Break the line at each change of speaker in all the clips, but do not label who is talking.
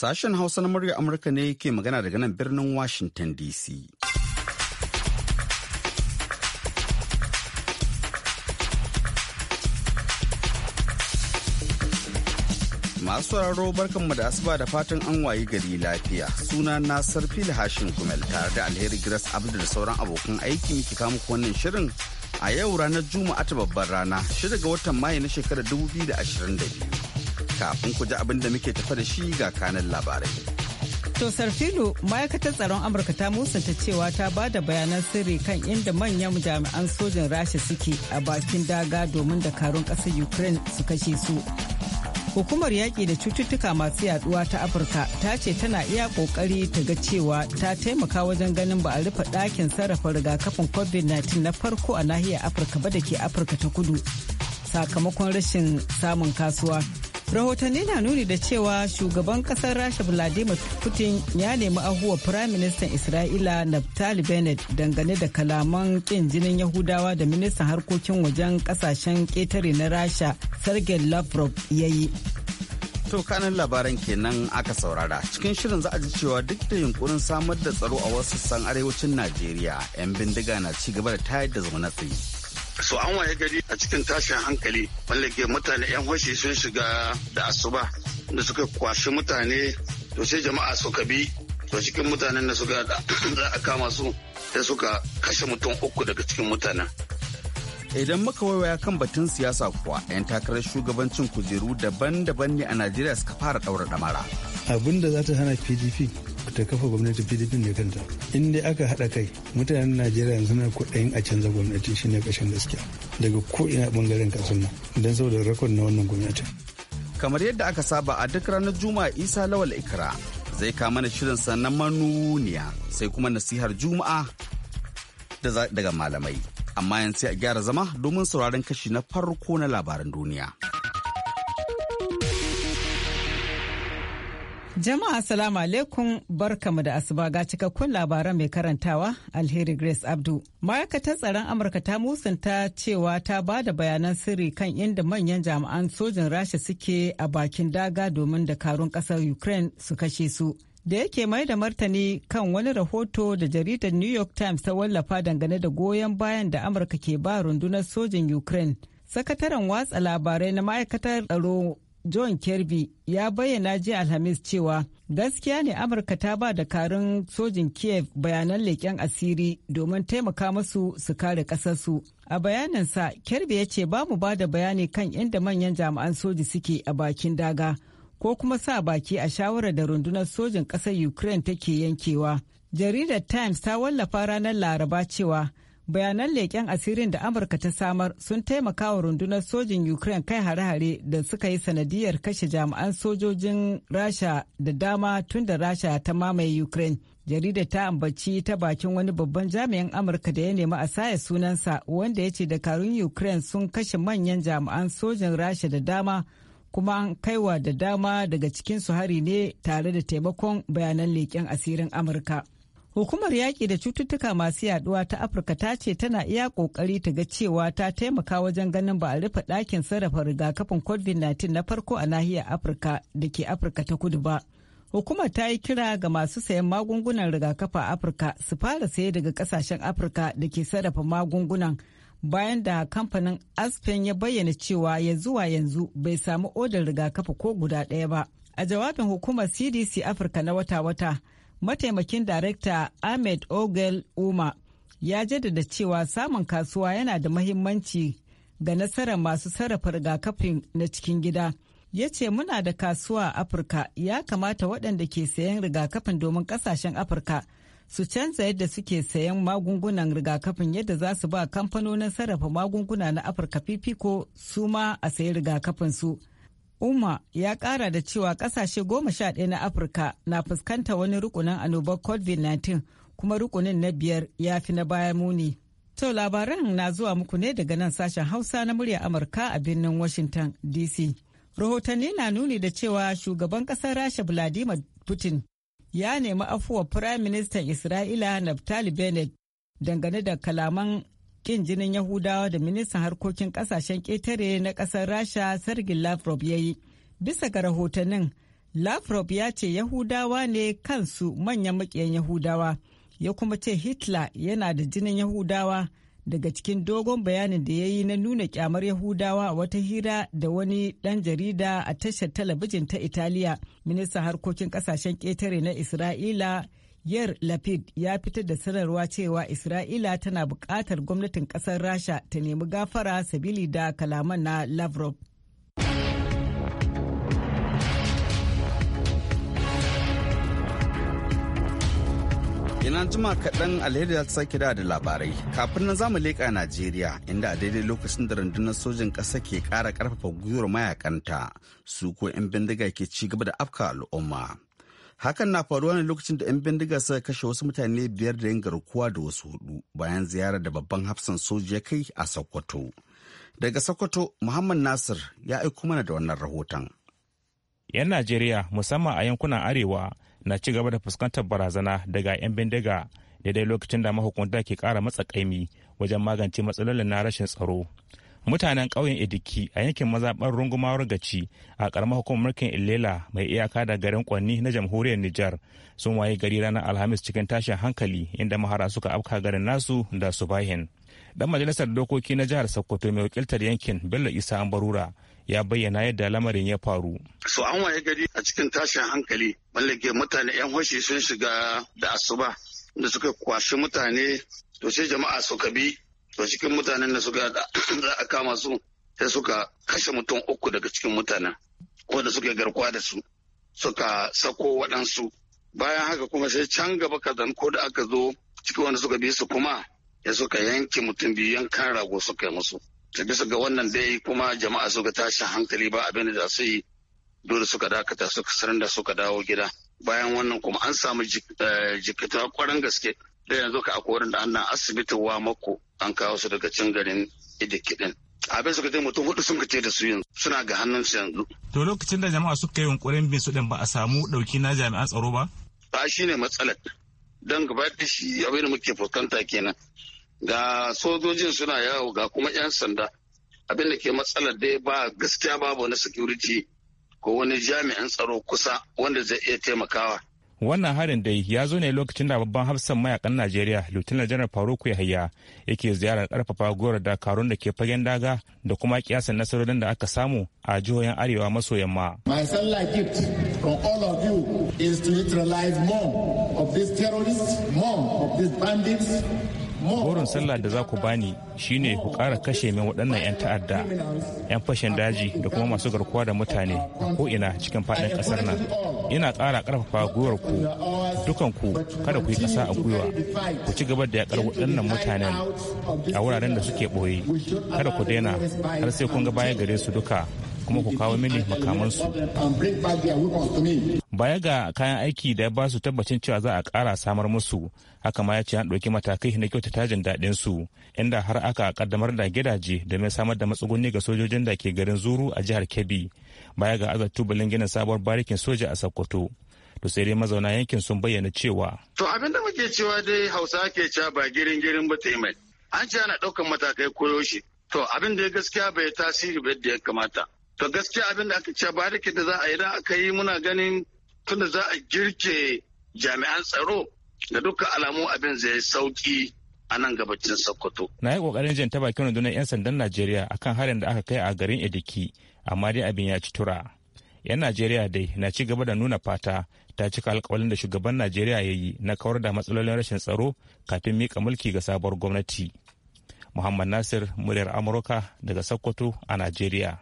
Sashen Hausa na murya Amurka ne ke magana daga nan birnin Washington DC. Masu sauraro barkanmu da asuba da fatan an wayi gari lafiya. Suna na Sarfil Hashin Gumel tare da Alheri Grace Abdu da sauran abokan aiki muke kamu wannan shirin a yau ranar Juma'a ta babbar rana, shida ga watan Mayu na shekarar 2022. kafin ku ji abin da muke tafa da shi ga kanan labarai.
To Sarfilu, ma'aikatar tsaron Amurka ta musanta cewa ta ba da bayanan sirri kan inda manyan jami'an sojin Rasha suke a bakin daga domin dakarun ƙasar Ukraine su kashe su. Hukumar yaƙi da cututtuka masu yaduwa ta Afirka ta ce tana iya ƙoƙari ta ga cewa ta taimaka wajen ganin ba a rufe ɗakin sarrafa rigakafin COVID-19 na farko a nahiyar Afirka ba da ke Afirka ta kudu sakamakon rashin samun kasuwa. rahotanni na nuni da cewa shugaban kasar rasha vladimir putin ya nemi ahuwa firaministan isra'ila naftali bennett dangane da kalaman kin jinin yahudawa da ministan harkokin wajen kasashen ketare na rasha sergei lavrov ya yi
to kanin labaran kenan aka saurara cikin shirin za a ji cewa duk da yunkurin samar da tsaro a wasu sassan arewacin najeriya 'yan bindiga na ci gaba da tayar da zaune tsaye
su an waye gari a cikin tashin hankali wanda ke mutane yan washi sun shiga da asuba da suka kwashi mutane to sai jama'a suka bi to cikin mutanen da suka za a kama su sai suka kashe mutum uku daga cikin mutanen
idan muka waiwaya kan batun siyasa kuwa 'yan takarar shugabancin kujeru daban-daban ne a najeriya suka fara daura ɗamara
abin da za ta hana pdp ta kafa gwamnatin pdp ne kanta in aka haɗa kai mutanen najeriya yanzu na kuɗin a canza gwamnati shine ƙashin gaskiya daga ko ina ɓangaren kasuwa don saboda rakon na wannan gwamnatin
kamar yadda aka saba a duk ranar juma'a isa lawal ikra zai kama mana shirin sannan manuniya sai kuma nasihar juma'a daga malamai amma yanzu sai a gyara zama domin sauraron kashi na farko na labaran
duniya. Jama'a salamu alaikum barkamu da asuba ga cikakkun labaran mai karantawa alheri Grace Abdu. Ma'aikatar tsaron Amurka ta musanta cewa ta ba da bayanan sirri kan inda manyan jami'an sojin Rasha suke a bakin daga domin dakarun ƙasar Ukraine su kashe su. da yake mai da martani kan wani rahoto da jaridar new york times ta wallafa dangane da goyon bayan da amurka ke ba rundunar sojin ukraine sakataren watsa labarai na ma'aikatar tsaro john kirby ya bayyana jiya alhamis cewa gaskiya ne amurka ta ba da karin sojin kiev bayanan leƙen asiri domin taimaka masu su kare ƙasarsu a bayaninsa kirby ya ce ba mu ba da bayani kan inda manyan jami'an soji suke a bakin daga ko kuma sa baki a shawarar da rundunar sojin ƙasar Ukraine take yankewa. Jaridar Times ta wallafa ranar Laraba cewa bayanan leƙen asirin da Amurka ta samar sun taimaka wa rundunar sojin Ukraine kai hare-hare da suka yi sanadiyar kashe jami'an sojojin Rasha da dama tun da Rasha ta mamaye Ukraine. jaridar ta ambaci ta bakin wani babban jami'in amurka da ya nemi a saya sunansa wanda ya ce dakarun ukraine sun kashe manyan jami'an sojin rasha da dama kuma an kaiwa da dama daga cikinsu hari ne tare da taimakon bayanan leƙen asirin amurka hukumar yaƙi da cututtuka masu yaduwa ta afirka ta ce tana iya ƙoƙari ta ga cewa ta taimaka wajen ganin ba a rufe ɗakin sarrafa rigakafin covid-19 na farko a nahiyar afirka da ke afirka ta kudu ba hukumar ta yi kira ga masu sayan magungunan rigakafa a afirka su fara saye daga ƙasashen afirka da ke sarrafa magungunan bayan da kamfanin aspen ya bayyana cewa ya zuwa yanzu bai samu odar rigakafi ko guda ɗaya ba a jawabin hukumar cdc afirka na wata-wata mataimakin darekta ahmed ogel uma ya jaddada cewa samun kasuwa yana da mahimmanci ga nasarar masu sarrafa rigakafi na cikin gida ya ce muna da kasuwa a afirka ya kamata waɗanda ke sayan rigakafin domin ƙasashen afirka su canza yadda suke sayan magungunan rigakafin yadda za su ba kamfanonin sarrafa magunguna na afirka fifiko su ma a sayi rigakafin su umma ya kara da cewa kasashe goma sha ɗaya na afirka na fuskanta wani rukunin annobar covid-19 kuma rukunin na biyar ya fi na baya muni to labaran na zuwa muku ne daga nan sashen hausa na murya amurka a birnin washington dc rahotanni na nuni da cewa shugaban ƙasar rasha vladimir putin ya nemi afuwa Firayim Ministan Isra'ila Naftali Bennett dangane da kalaman kin jinin Yahudawa da ministan harkokin kasashen ƙetare na ƙasar Rasha Sergei Lavrov ya yi. Bisa ga rahotannin, Lavrov ya ce Yahudawa ne kansu manyan makiyan Yahudawa, ya kuma ce Hitler yana da jinin Yahudawa daga cikin dogon bayanin da ya yi na nuna kyamar yahudawa a wata hira da wani dan jarida a tashar talabijin ta italiya ministan harkokin kasashen ketare na isra'ila yar lapid ya fitar da sanarwa cewa isra'ila tana bukatar gwamnatin ƙasar rasha ta nemi gafara sabili da kalaman na lavrov
ina jima kaɗan alheri ta sake da da labarai kafin nan zamu leƙa najeriya inda a daidai lokacin da rundunar sojin ƙasa ke ƙara ƙarfafa gwiwar mayakanta su ko 'yan bindiga ke ci gaba da afka al'umma hakan na faruwa ne lokacin da 'yan bindiga suka kashe wasu mutane biyar da yin garkuwa da wasu hudu bayan ziyarar da babban hafsan soji ya
kai a sokoto daga sokoto muhammad nasir ya aiko mana da wannan rahoton 'yan najeriya musamman a yankunan arewa na ci gaba da fuskantar barazana daga 'yan bindiga daidai lokacin da mahukunta ke kara matsakaimi wajen magance matsalolin na rashin tsaro mutanen ƙauyen ediki a yankin mazaɓar rungumawar gaci a ƙaramar hukumar mulkin illela mai iyaka da garin kwanni na jamhuriyar nijar sun waye gari ranar alhamis cikin tashin hankali inda mahara suka afka garin nasu da subahin dan majalisar dokoki na jihar sokoto mai wakiltar yankin bello isa ambarura ya bayyana yadda lamarin ya faru.
So an waye gari a cikin tashin hankali mallake mutane 'yan hoshi sun shiga da asuba da suka kwashi mutane to sai jama'a suka bi to cikin mutanen da suka za a kama su sai suka kashe mutum uku daga cikin mutanen da suka garkuwa da su suka sako waɗansu bayan haka kuma sai can gaba kazan ko da aka zo cikin wanda suka bi su kuma ya suka yanke mutum biyu yankan rago suka yi musu ta bisa ga wannan dai kuma jama'a suka tashi hankali ba abin da su yi dole suka dakata suka sanar da suka dawo gida bayan wannan kuma an samu eh, jikita kwarin gaske da yanzu ka akwai da annan asibiti wa mako an kawo su daga cin garin idikidin abin suka je mutum hudu sun kace da su yanzu suna ga hannunsu yanzu
to lokacin da jama'a suka yi yunkurin bin su din ba a samu dauki na jami'an tsaro ba
ba shine matsalar don gaba da shi abin da muke fuskanta kenan ga sojojin suna yawo ga kuma 'yan sanda abin da ke matsalar dai ba gaskiya babu na security ko wani jami'an tsaro kusa wanda zai iya taimakawa
wannan harin dai ya zo ne lokacin da babban hafsan mayakan najeriya lieutenant general faruku yahaya yake ziyarar karfafa da dakarun da ke fagen daga da kuma kiyasan nasarorin da aka samu a jihohin arewa maso yamma
my sallah gift from all of you is to neutralize more of these terrorists more of these bandits
burin sallah da za ku bani shine ku ƙara kashe min waɗannan 'yan ta'adda 'yan fashin daji da kuma masu garkuwa da mutane ko ina cikin faɗin ƙasar nan ina ƙara ƙarfafa gwiwar ku dukan ku kada ku yi ƙasa a gwiwa ku ci gaba da yaƙar waɗannan mutanen a wuraren da suke ɓoye kada ku daina har sai kun ga baya gare su duka kuma ku kawo mini makamansu baya ga kayan aiki da ya ba su tabbacin cewa za a kara samar musu haka ma ya ce an ɗauki matakai na kyauta tajin daɗin su inda har aka kaddamar da gidaje domin samar da matsuguni ga sojojin da ke garin zuru a jihar kebbi baya ga azar tubalin ginin sabuwar barikin soja a sokoto to sai dai mazauna yankin sun bayyana cewa.
to abin da muke cewa dai hausa ke ca ba girin girin ba ta mai an ce ana ɗaukan matakai koyaushe to abin da gaskiya bai tasiri ba yadda ya kamata to gaskiya abin da aka ce ba da da za a yi da aka yi muna ganin tunda za a girke jami'an tsaro da duka alamu abin zai sauki a nan gabacin sokoto
na yi kokarin jin ta bakin rundunar 'yan sandan najeriya akan harin da aka kai a garin ediki amma dai abin ya ci tura 'yan najeriya dai na ci gaba da nuna fata ta cika alkawalin da shugaban najeriya ya yi na kawar da matsalolin rashin tsaro kafin mika mulki ga sabuwar gwamnati muhammad nasir muryar amurka daga sokoto a najeriya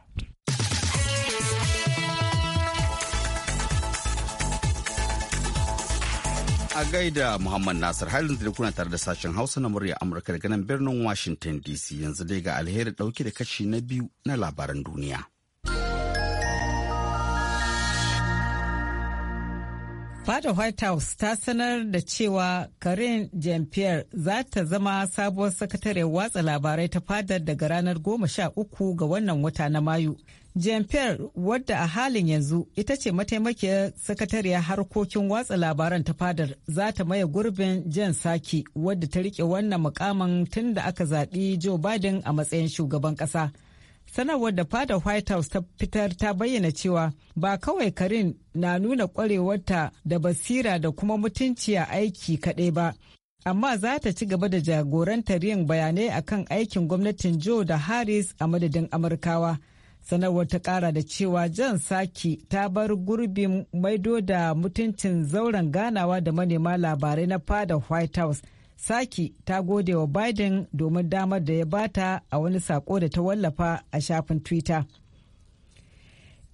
a gaida Muhammad Nasir har yanzu da kuna tare da sashen Hausa na murya Amurka daga nan birnin Washington DC yanzu dai ga alheri dauke da kashi na biyu na labaran duniya.
Fada White House ta sanar da cewa Karin Jean-Pierre za ta zama sabuwar sakatare watsa labarai ta fadar daga ranar 13 ga wannan wata na Mayu. jean pierre wadda a halin yanzu ita ce mataimakiyar sakatariyar harkokin watsa labaran ta fadar za ta maye gurbin jan saki wadda ta rike wannan mukamin tun da aka zaɓi joe biden a matsayin shugaban ƙasa sanarwar da fadar white house ta fitar ta bayyana cewa ba kawai karin na nuna kwarewarta da basira da kuma mutunci a aiki kaɗai ba amma za ta ci gaba da jagorantar yin bayanai akan aikin gwamnatin joe da harris a madadin amurkawa sanarwar ta kara da cewa jan saki ta bar gurbin maido da mutuncin zauren ganawa da manema labarai na fada white house saki ta gode wa biden domin damar da ya bata a wani sako da ta wallafa a shafin twitter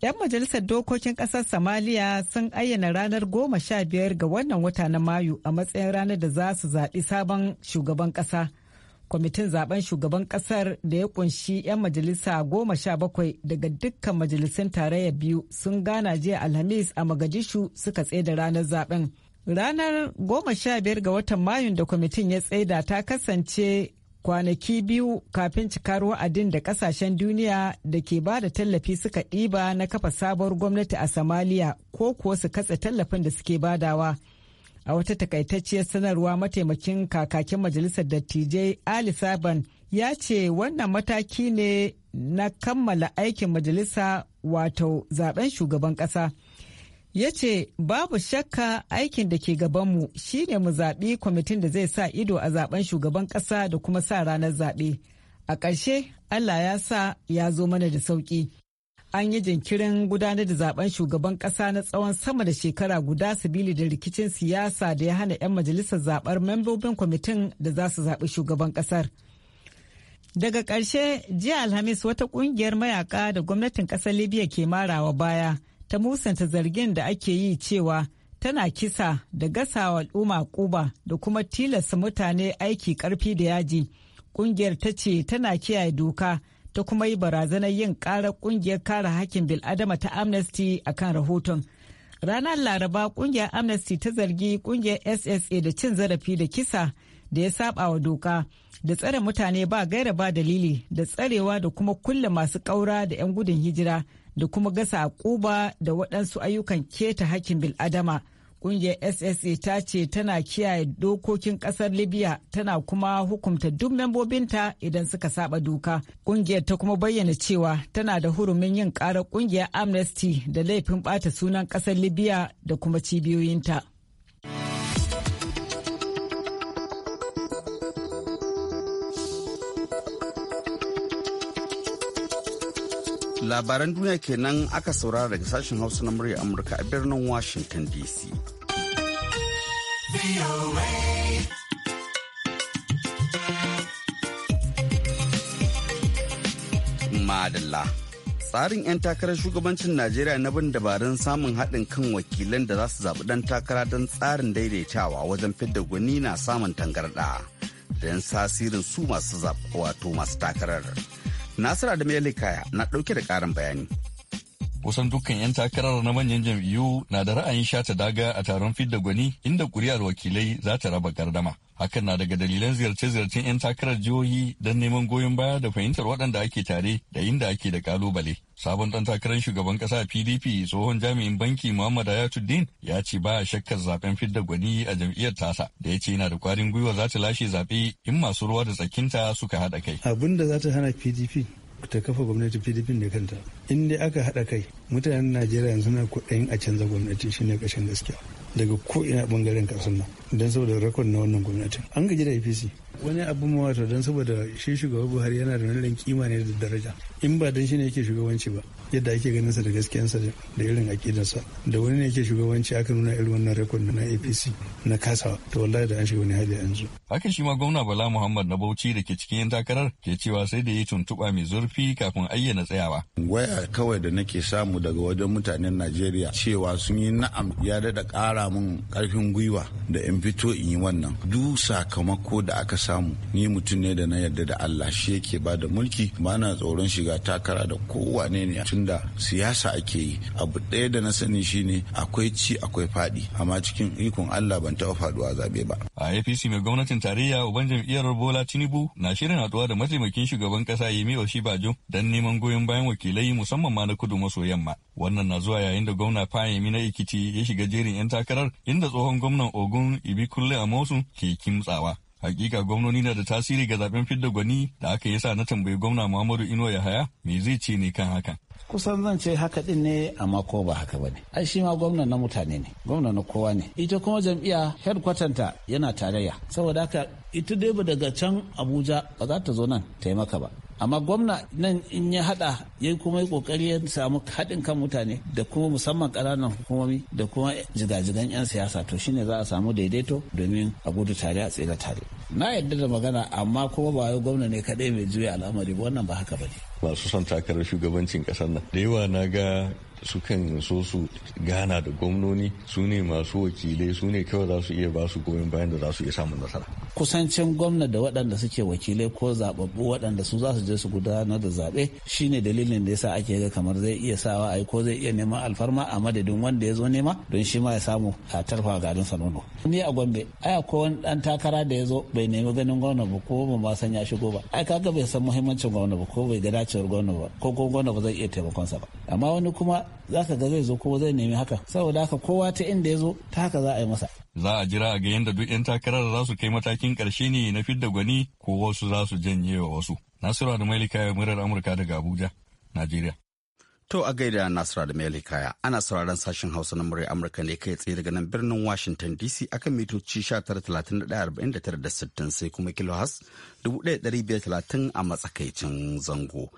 'Yan majalisar dokokin kasar samaliya sun ayyana ranar goma sha biyar ga wannan wata na Mayu a matsayin ranar da za su zaɓi sabon shugaban ƙasa. kwamitin zaben shugaban kasar da ya kunshi 'yan majalisa goma sha bakwai daga dukkan majalisun tarayya biyu sun gana jiya alhamis a magadishu suka tsaida ranar zaben ranar goma sha biyar ga watan mayun da kwamitin ya tsaida ta kasance kwanaki biyu kafin cikar wa'adin da kasashen duniya da ke ba da tallafi suka ɗiba na kafa sabuwar gwamnati a samaliya ko kuwa su katse tallafin da suke badawa. A wata takaitacciyar sanarwa mataimakin kakakin majalisar dattijai Ali Saban ya ce wannan mataki ne na kammala aikin majalisa wato zaben shugaban ƙasa. Ya ce babu shakka aikin da ke gabanmu shine mu zaɓi kwamitin da zai sa ido a zaben shugaban ƙasa da kuma sa ranar zaɓe. A ƙarshe Allah ya sa ya zo mana da sauƙi. an yi jinkirin gudanar da zaben shugaban kasa na tsawon sama da shekara guda sabili da rikicin siyasa da ya hana 'yan majalisar zabar membobin kwamitin da za su zaɓi shugaban kasar. Daga ƙarshe jiya Alhamis wata ƙungiyar mayaka da gwamnatin ƙasar Libya ke marawa baya ta musanta zargin da ake yi cewa tana kisa da gasawa al'umma kuba da kuma tilasta mutane aiki ƙarfi da yaji. Ƙungiyar ta ce tana kiyaye doka. ta kuma yi barazanar yin ƙarar ƙungiyar kare hakkin bil'adama ta amnesty a kan rahoton ranar laraba ƙungiyar amnesty ta zargi ƙungiyar ssa da cin zarafi da kisa da ya saba wa doka da tsare mutane ba gaira ba dalili da tsarewa da kuma kulle masu ƙaura da 'yan gudun hijira da kuma gasa a ƙuba da waɗansu ayyukan keta hakkin bil'adama kungiyar SSA ta ce tana kiyaye dokokin ƙasar Libya tana kuma hukumta duk membobinta idan suka saba doka. kungiyar ta kuma bayyana cewa tana da hurumin yin ƙarar kungiyar Amnesty da laifin ɓata sunan ƙasar Libya da kuma cibiyoyinta.
labaran duniya kenan aka saurara daga sashen hausa na murya amurka a birnin washington dc madalla tsarin 'yan takarar shugabancin najeriya na bin dabarun samun haɗin kan wakilan da za su zaɓi ɗan takara don tsarin daidaitawa wajen fidda gwani na samun tangarɗa don tasirin su masu wato masu takarar Nasira da Mele na ɗauke da ƙarin bayani.
Kusan dukkan 'yan takarar na manyan jam'iyyu na da ra'ayin shata daga a taron fidda gwani inda ƙuri'ar wakilai za ta raba gardama. hakan na daga dalilan ziyarce-ziyarcen 'yan takarar jihohi don neman goyon baya da fahimtar waɗanda ake tare da inda ake da kalubale sabon ɗan takarar shugaban ƙasa pdp tsohon jami'in banki muhammad ayatuddin ya ce ba shakkar zaben fidda gwani a jam'iyyar tasa da ya ce yana da kwarin gwiwa za ta lashe zaɓe in masu ruwa da tsakinta suka haɗa kai abin
da za ta hana pdp ta kafa gwamnati pdp da kanta in dai aka haɗa kai mutanen najeriya yanzu na kuɗin a canza gwamnati shine kashin gaskiya daga ko ina bangaren kasar nan don saboda rakon na wannan gwamnatin an gaji da apc wani abu ma don saboda shi shugaban buhari yana da wannan kima ne da daraja in ba don shi ne yake shugabanci ba yadda ake ganin sa da gaskiyansa da irin akidarsa da wani ne yake shugabanci aka nuna irin wannan rekod na apc na kasa to wallahi da an shiga wani hali yanzu
haka shi ma gwamna bala muhammad na bauchi da ke cikin yan takarar ke cewa sai da ya tuntuɓa mai zurfi kafin ayyana tsayawa waya
kawai da nake samu daga wajen mutanen najeriya cewa sun yi na'am ya daɗa ƙara min ƙarfin gwiwa da in fito in yi wannan duk sakamako da aka samu ni mutum ne da na yarda da Allah shi yake ba da mulki ba na tsoron shiga takara da kowane ne tun da siyasa ake yi abu ɗaya da na sani shine akwai ci akwai faɗi amma cikin ikon Allah ban taɓa faɗuwa
zaɓe ba. A APC mai gwamnatin tarayya uban jam'iyyar Bola Tinubu na shirin haɗuwa da mataimakin shugaban ƙasa Yemi oshibajo don neman goyon bayan wakilai musamman ma na kudu maso yamma. Wannan na zuwa yayin da gwamna Fayemi na ikiti ya shiga jerin 'yan takarar inda tsohon gwamnan Ogun a mosun ke kimtsawa. Hakika gwamnoni na da tasiri ga zaben fidda gwani da aka yi sa na tambayi gwamna Muhammadu Ino haya me zai ce ne kan haka.
Kusan zan ce haka din ne amma ko ba haka ba Ai shi ma gwamna na mutane ne, gwamna na kowa ne. Ita kuma jam'iyya ta yana tarayya. Saboda haka ita dai ba daga can Abuja ba za ta zo nan taimaka ba. amma gwamna nan in ya haɗa ya kuma yi kokari ya samu haɗin kan mutane da kuma musamman ƙananan hukumomi da kuma jigajigan 'yan siyasa to shine za a samu daidaito domin a gudu tare a tsira tare na yadda da magana amma kuma ba wai gwamna ne kaɗai mai juya al'amari wannan ba haka ba ne
masu son takarar shugabancin ƙasar nan da yawa na ga sukan so su gana da gwamnoni su ne masu wakilai su ne kawai za su iya ba su goyon bayan da za su iya samun nasara
kusancin gwamna da waɗanda suke wakilai ko zababbu waɗanda su za su je su gudanar da zaɓe shine dalilin da yasa ake ga kamar zai iya sawa ai ko zai iya neman alfarma a madadin wanda ya zo nema don shi ma ya samu a tarfa garin nono. ni a gombe ai ko wani dan takara da ya zo bai nemi ganin gwamna ba ko ba ma san ya shigo ba ai kaga bai san muhimmancin gwamna ba ko bai ga dacewar gwamna ba ko ko gwamna ba zai iya taimakon sa ba amma wani kuma za ka ga zai zo ko zai nemi haka saboda haka kowa ta inda ya zo ta haka za a yi masa
za a jira a ga yadda duk 'yan takarar za su kai matakin karshe ne na fidda gwani ko wasu za su janye wa wasu nasiru da mailika murar amurka daga abuja najeriya
to a gaida nasiru da mailika ana sauraron sashen hausa na murar amurka ne kai tsaye daga nan birnin washington dc akan mitoci 1931 sai kuma kilohas 1530 a matsakaicin zango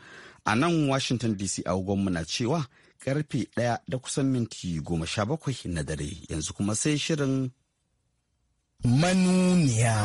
a nan washington dc a na cewa karfe ɗaya da kusan minti goma sha bakwai na dare yanzu kuma sai shirin
manuniya.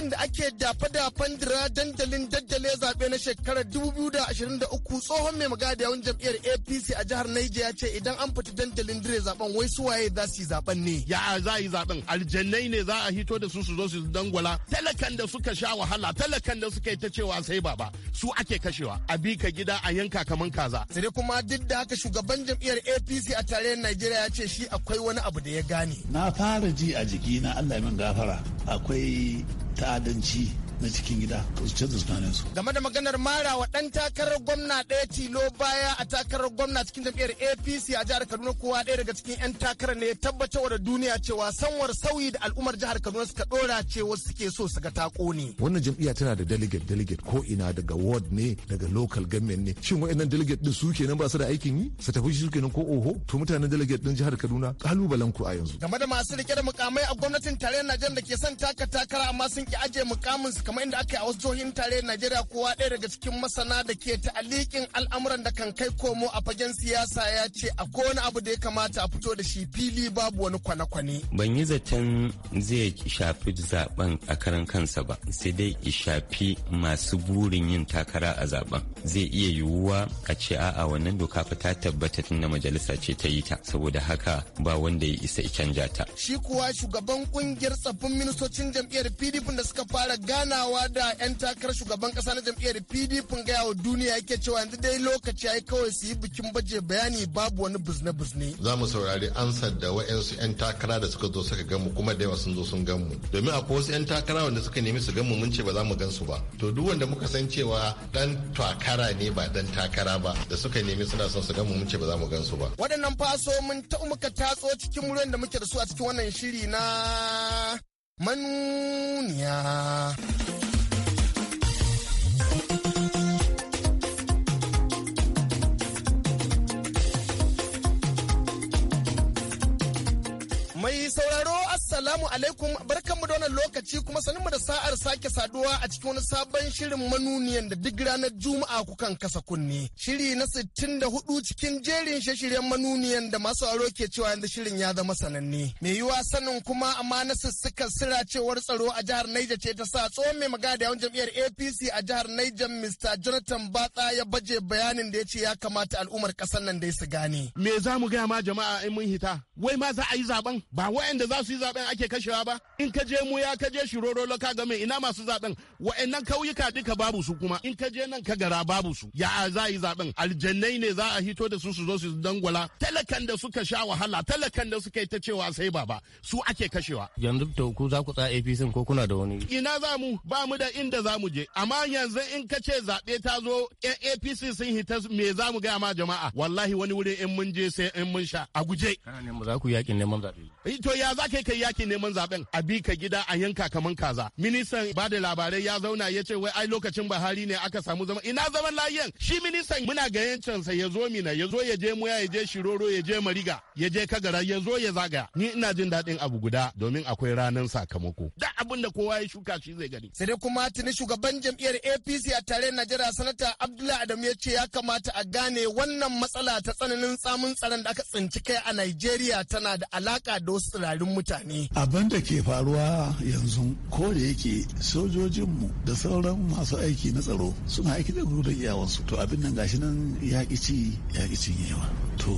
lokacin da ake dafa dafan dira dandalin daddale zaɓe na shekarar 2023 tsohon mai yawan jam'iyyar apc a jihar naija ya ce idan an fita dandalin dire zaben wai su waye za su yi zaben ne ya za yi zaben aljannai ne za a hito da su
su zo su dangwala talakan da suka sha wahala talakan da suka yi ta cewa sai baba su ake kashewa a bi ka gida a yanka kaman kaza sai kuma duk da haka shugaban jam'iyyar apc a tarayyar
najeriya ya ce shi akwai wani abu da ya gane na fara ji a jiki na allah min gafara akwai 他的妻。na cikin gida su canza su. Game
da maganar mara wa ɗan takarar gwamna ɗaya tilo baya a takarar gwamna cikin jam'iyyar APC a jihar Kaduna kowa ɗaya daga cikin 'yan takarar ne ya tabbatar da duniya cewa sanwar sauyi da al'ummar jihar Kaduna suka ɗora ce wasu suke so su ga ta ne.
Wannan jam'iyya tana da delegate delegate ko ina daga ward ne daga local government ne. Shin wa'annan delegate ɗin su kenan ba su da aikin yi? Su tafi shi kenan ko oho? To mutanen delegate ɗin jihar Kaduna kalubalen ku a yanzu.
Game da masu rike da mukamai a gwamnatin tarayyar Najeriya da ke son taka takara amma sun ki ajiye mukamin su kamar inda aka yi a wasu jihohin tare Najeriya kowa ɗaya daga cikin masana da ke ta'alikin al'amuran da kan kai komo a fagen siyasa ya ce a wani abu da ya kamata a fito da shi fili babu wani kwane-kwane.
Ban yi zaton zai shafi zaben a karan kansa ba sai dai shafi masu burin yin takara a zaben zai iya yiwuwa a ce a'a wannan doka fa ta tabbata tun na majalisa ce ta yi ta saboda haka ba wanda ya isa canja ta. Shi
kuwa shugaban kungiyar tsaffin ministocin jam'iyyar PDP da suka fara gana ganawa da 'yan takarar shugaban kasa na jam'iyyar pdp gaya wa duniya yake cewa yanzu dai lokaci ya yi kawai su yi bikin baje bayani babu wani buzne-buzne
za mu saurari ansar da wa'yansu 'yan takara da suka zo suka mu kuma da yawa sun zo sun mu domin akwai wasu 'yan takara wanda suka nemi su mu mun ce ba za mu gan su ba to duk wanda muka san cewa dan takara ne ba dan takara ba da suka nemi suna son su mu mun ce ba za mu gan su ba
waɗannan faso mun ta muka tatso cikin muryar da muke da su a cikin wannan shiri na manuniya. Mai sauraro Assalamu alaikum barka mu da wannan lokaci kuma sanin mu da sa'ar sake saduwa a cikin wani sabon shirin manuniyan da duk ranar Juma'a kukan kasa kunne. Shiri na sittin da hudu cikin jerin shirye manuniyan da masu aro ke cewa yanzu shirin ya zama sananne. Me yiwa sanin kuma amma na sissuka sira cewar tsaro a jihar Niger ce ta sa tsohon mai magana da yawan jam'iyyar APC a jihar Niger Mr. Jonathan Batsa ya baje bayanin da ya ce ya kamata al'ummar kasar nan dai su gane. Me za mu gaya ma jama'a
in mun hita? Wai ma za a yi zaben ba wa'anda za su yi zaben ake kashewa ba in ka je mu ya kaje shiroro loka game ina masu zaben wa'annan kauyuka duka babu su kuma in ka je nan ka gara babu su ya za yi zaben aljannai ne za a hito da su su zo su dangwala talakan da suka sha wahala talakan da suka yi ta cewa sai baba su ake kashewa
yanzu da ku za ku tsaya APC
ko kuna da wani
ina za mu ba mu da inda za mu je amma yanzu in ka ce zabe ta zo APC sun hita me za mu ga ma jama'a wallahi wani wuri in mun je sai in mun sha a guje
kana ne mu za ku yakin neman zabe
eh, to ya za kai kai yakin neman zaben a bi ka gida a yanka kaman kaza ministan ba da labarai ya zauna ya ce wai ai lokacin buhari ne aka samu zama ina zaman layin shi ministan muna ga yancinsa ya zo mina ya zo ya je muya ya je shiroro ya je mariga ya je kagara ya zo ya zaga ni ina jin daɗin abu guda domin akwai ranar sakamako da
abin da kowa ya shuka shi zai gani sai dai kuma tuni shugaban jam'iyyar apc a tare najeriya sanata abdullahi adamu ya ce ya kamata a gane wannan matsala ta tsananin samun tsaron da aka tsinci kai a najeriya tana da alaka da wasu tsirarin mutane
abin da ke faruwa yanzu ko da yake sojojinmu da sauran masu aiki na tsaro suna aiki da gudun iyawansu to abin nan gashi nan ya ci ya ci yawa to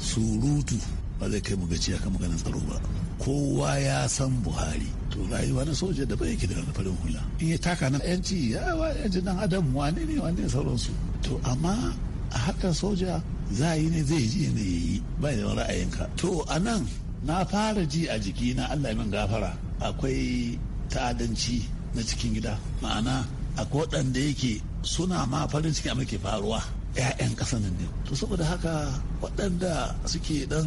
surutu ba zai kai mu gaci kan maganin tsaro ba kowa ya san buhari to rayuwa na soja da bai yake da farin hula in ya taka na yanci ya wa yanci dan adam wane ne wane ne sauransu to amma a haka soja za yi ne zai ji ne yayi ba da ra'ayinka to anan na fara ji a jiki na Allah min gafara akwai ta'adanci na cikin gida ma'ana akwai waɗanda yake suna ma farin ciki amma ke faruwa 'ya'yan ƙasa nan ne to saboda haka waɗanda suke ɗan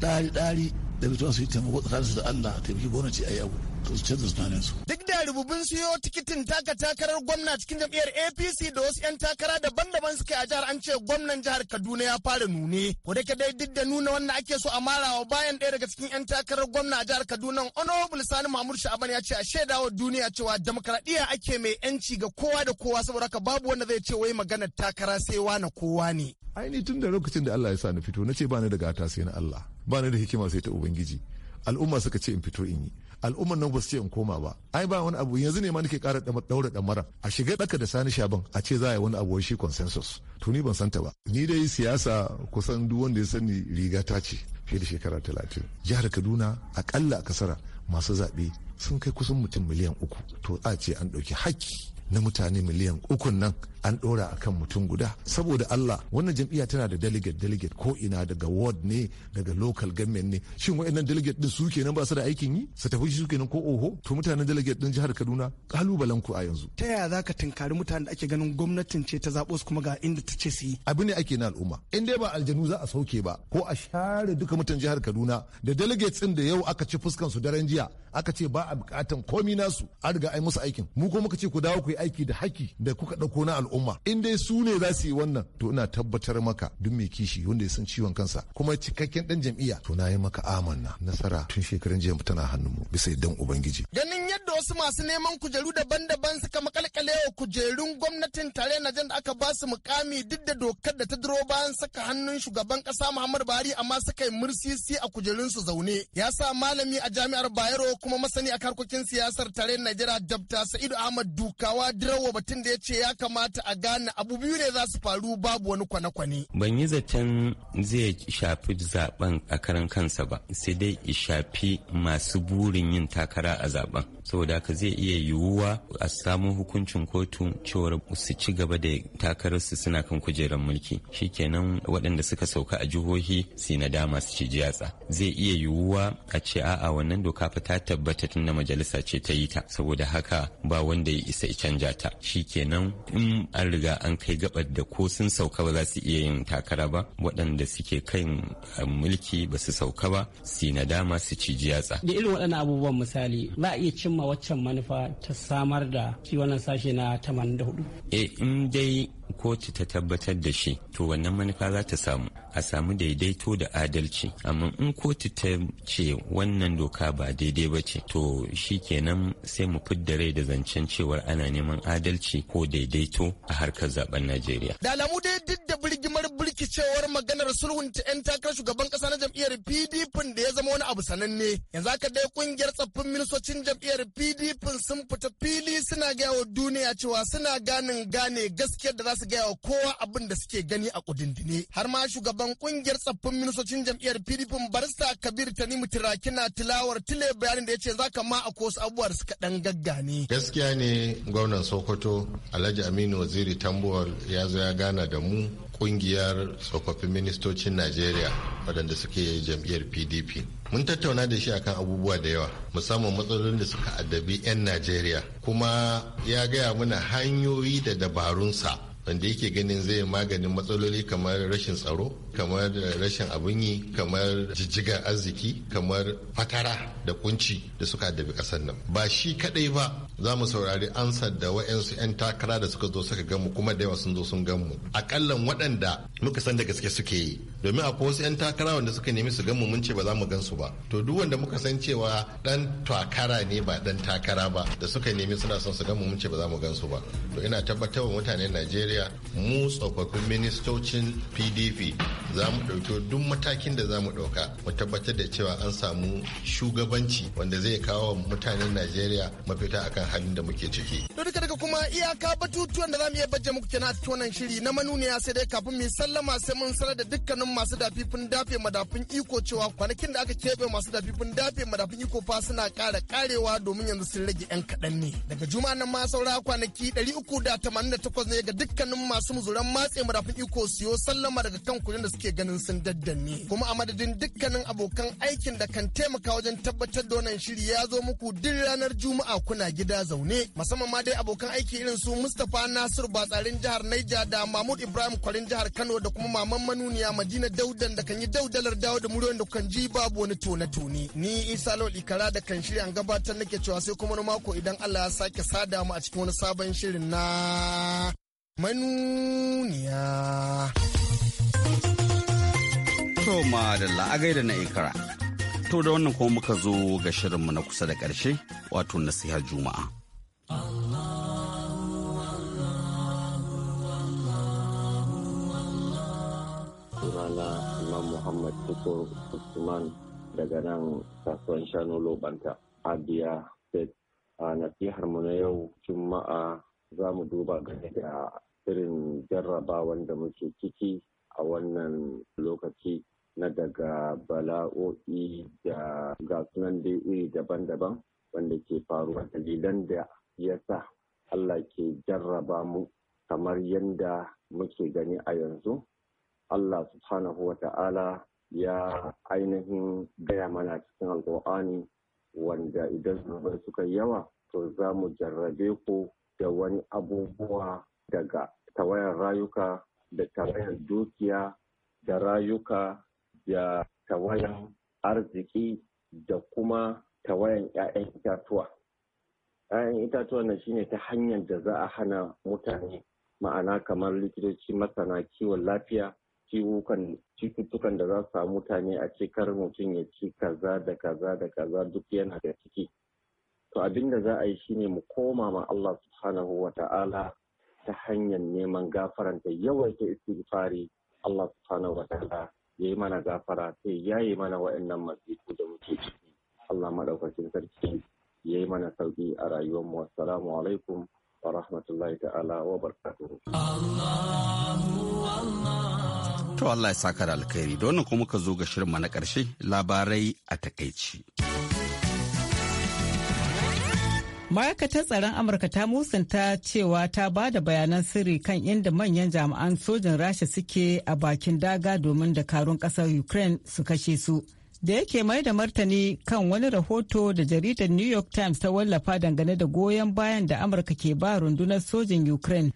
ɗari-ɗari da mutuwa su yi taimako su da Allah taimaki gwamnati a yau Duk
da rububin siyo tikitin taka takarar gwamna cikin jam'iyyar APC da wasu 'yan takara daban-daban suka a jihar an ce gwamnan jihar Kaduna ya fara nune. Ko da dai duk da nuna wannan ake so a marawa bayan ɗaya daga cikin 'yan takarar gwamna a jihar Kaduna Honorable Sani Mahmud Sha'aban ya ce a shaidawa duniya cewa demokradiyya ake mai 'yanci ga kowa da kowa saboda haka babu wanda zai ce wai maganar takara sai wa na kowa ne.
ainihin tun da lokacin da Allah ya sa ni fito na ce ba ni da gata na Allah ba ni da hikima sai ta Ubangiji. al'umma suka ce in fito in yi al'ummar nan ba su ce in koma ba ai ba wani abu yanzu ne ma nake ƙara daura damara a shiga daka da sani shaban a ce za a yi wani abu shi consensus to ni ban ta ba ni dai siyasa kusan duk wanda ya sani riga ta ce fiye da shekara talatin jihar kaduna akalla a kasara masu zaɓe sun kai kusan mutum miliyan uku to a ce an ɗauki haƙƙi na mutane miliyan ukun nan an a kan mutum guda saboda Allah wannan jam'iyya tana da delegate delegate ko ina daga ward ne daga local government ne shin waɗannan delegate din su kenan ba su da aikin yi su tafi su kenan ko oho to mutanen delegate din jihar Kaduna kalubalen ku a yanzu
ta yaya zaka tunkari mutanen da ake ganin
gwamnatin ce ta zabo su kuma ga inda ta ce su yi abu ne ake na al'umma in dai ba aljanu za a sauke ba ko a share duka mutan jihar Kaduna da delegates din da yau aka ci fuskan su daren jiya aka ce ba a bukatan komi nasu an riga ai musu aikin mu ko muka ce ku dawo ku yi aiki da haki da kuka dauko na al'umma al'umma in dai su ne za su yi wannan to ina tabbatar maka duk mai kishi wanda ya san ciwon kansa kuma cikakken dan jam'iyya to na yi maka amanna nasara tun shekaran jiya tana hannunmu bisa dan ubangiji
ganin yadda wasu masu neman kujeru daban-daban suka makalkale wa kujerun gwamnatin tare na jan da aka ba su mukami duk da dokar da ta duro bayan saka hannun shugaban kasa Muhammadu Buhari amma suka yi mursisi a kujerun su zaune ya sa malami a jami'ar Bayero kuma masani a harkokin siyasar tare Najeriya Dr. Sa'idu Ahmad Dukawa dirawa batun da ya ce ya kamata kamata a gane abu biyu ne za su faru babu wani kwane-kwane.
Ban yi zaton zai shafi zaben a karan kansa ba, sai dai shafi masu burin yin takara a zaben. saboda haka zai iya yiwuwa a samu hukuncin kotu cewar su ci gaba da takararsu suna kan kujerar mulki shikenan waɗanda suka sauka a jihohi su na dama su ci jiyatsa zai iya yiwuwa a ce a'a wannan doka fa ta tabbata tun da majalisa ce ta yi ta saboda haka ba wanda ya isa canja ta shikenan in an riga an kai gabar da ko sun sauka ba za su iya yin takara ba waɗanda suke kan eh, mulki ba su sauka ba su na dama su ci jiyatsa
da irin waɗannan abubuwan misali za a iya cimma cimma waccan manufa ta samar da shi wannan sashe na 84?
Eh in dai kotu ta tabbatar da shi to wannan manufa za ta samu a samu daidaito da adalci amma in kotu ta ce wannan doka ba daidai ba ce to shi kenan sai mu fidda rai da zancen cewar ana neman adalci ko daidaito a harkar zaben najeriya
da lamu dai duk da birgimar birkicewar maganar sulhunta 'yan takarar shugaban kasa na jam'iyyar pdp da ya zama wani abu sananne yanzu haka dai kungiyar tsaffin minisocin jam'iyyar pdp sun fita fili suna gaya wa duniya cewa suna ganin gane gaskiyar da za su gaya wa kowa abin da suke gani a kudindine har ma shugaban shugaban kungiyar tsaffin ministocin jam'iyyar PDP barista Kabir Tanimu Tiraki na tilawar tile bayanin da ya ce zaka ma a kosu abubuwa da suka dan gaggane.
Gaskiya ne gwamnan Sokoto Alhaji Aminu Waziri Tambuwal ya zo ya gana da mu kungiyar tsofaffin ministocin Najeriya waɗanda suke jam'iyyar PDP. Mun tattauna da shi akan abubuwa da yawa musamman matsalolin da suka addabi 'yan Najeriya kuma ya gaya mana hanyoyi da dabarunsa wanda yake ganin zai maganin matsaloli kamar rashin tsaro kamar rashin abin yi kamar jijjigar arziki kamar fatara da kunci da suka addabi kasar nan ba shi kadai ba za mu saurari ansar da wa'yansu 'yan takara da suka zo suka mu kuma da yawa sun zo sun gan mu akalla waɗanda muka san da gaske suke yi domin akwai wasu 'yan takara wanda suka nemi su gan mu mun ce ba za mu gan su ba to duk wanda muka san cewa dan takara ne ba dan takara ba da suka nemi suna son su gan mu mun ce ba za mu gan su ba to ina tabbatar wa mutanen najeriya mu tsofaffin ministocin pdp za mu ɗauki duk matakin da za mu ɗauka mu tabbatar da cewa an samu shugabanci wanda zai kawo mutanen najeriya mafita akan halin da muke ciki
to duka daga kuma iyaka batutuwan da za mu iya bajje muku kenan a wannan shiri na manuniya sai dai kafin mu sallama sai mun sanar da dukkanin masu dafifin dafe madafin iko cewa kwanakin da aka keɓe masu dafifin dafe madafin iko fa suna ƙara ƙarewa domin yanzu sun rage 'yan kaɗan ne daga juma'a nan ma saura kwanaki 388 ne ga dukkanin masu muzuran matse madafin iko siyo sallama daga kan kudin da kuke ganin sun daddanne kuma a madadin dukkanin abokan aikin da kan taimaka wajen tabbatar da wannan shiri ya zo muku duk ranar juma'a kuna gida zaune musamman ma dai abokan aiki irin su mustapha nasir batsarin jihar naija da mahmud ibrahim kwarin jihar kano da kuma maman manuniya madina daudan da kan yi daudalar dawo da muryoyin da kan ji babu wani tone tone ni isa lawal ikara da kan shirya gabatar nake cewa sai kuma wani mako idan allah ya sake sada mu a cikin wani sabon shirin na manuniya.
To ma da la'agai da na ikara. To da wannan kuma muka zo ga shirinmu na kusa da ƙarshe wato nasihar
Juma'a. Sunana Imam Muhammad Tukur Usman daga nan kasuwan shanu lobanta Abia State. A nasihar mu na yau Juma'a za mu duba game da irin jarrabawan da muke ciki a wannan lokaci na daga bala'o'i da gasunan dai iri daban-daban wanda ke faruwa dalilan da ya sa Allah ke jarraba mu kamar yadda muke gani a yanzu Allah subhanahu wa ta'ala ya ainihin gaya mana cikin alƙur'ani wanda idan zunubai suka yawa to za mu jarrabe ku da wani abubuwa daga tawayar rayuka da tawayar dukiya da rayuka da tawayan arziki da kuma tawayan 'ya'yan itatuwa. 'ya'yan itatuwa na shine ta hanyar da za a hana mutane ma'ana kamar likitoci masana kiwon lafiya cututtukan da za su samu mutane a cikar mutum ya ci kaza da kaza da kaza duk yana da ciki to abinda za a yi shine mu koma ma Allah subhanahu wa ta'ala ta hanyar neman gafaranta yawaita istighfari Allah subhanahu wa ta'ala ya yi mana gafara sai ya yi mana waɗannan masifu da muke ciki Allah maɗaukacin sarki ya yi mana sauƙi a rayuwarmu. mu assalamu alaikum wa rahmatullahi ta'ala wa barakatuhu
to Allah ya saka da alkhairi don kuma ka zo ga shirin na ƙarshe labarai a takaici
ma'aikatar tsaron amurka ta musanta cewa ta ba da bayanan sirri kan inda manyan jami'an sojin rasha suke a bakin daga domin da karun kasar ukraine su kashe su da yake mai da martani kan wani rahoto da jaridar new york times ta wallafa dangane da goyon bayan da amurka ke ba rundunar sojin ukraine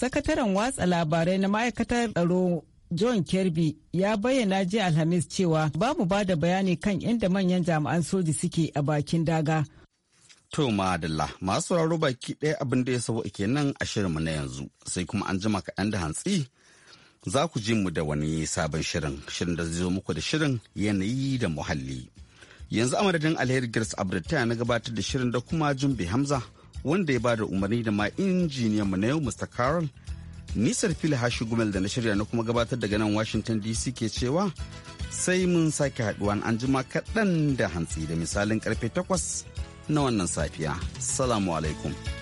sakataren watsa labarai na ma'aikatar tsaro John Kirby ya bayyana jiya Alhamis cewa babu ba da bayani kan inda manyan jami'an soji suke a bakin daga
To madalla masu sauraro baki ɗaya abin da ya sabo nan a shirinmu na yanzu sai kuma an jima kaɗan da hantsi za ku ji mu da wani sabon shirin shirin da zai zo muku da shirin yanayi da muhalli. Yanzu amadadin madadin alheri Girs Abdultaya na gabatar da shirin da kuma Jumbe Hamza wanda ya bada umarni da ma injiniyan mu na yau Mr. Carol. Nisar fili hashi gumel da na shirya na kuma gabatar daga nan Washington DC ke cewa sai mun sake haɗuwa an jima kaɗan da hantsi da misalin karfe takwas na wannan safiya. Salamu alaikum.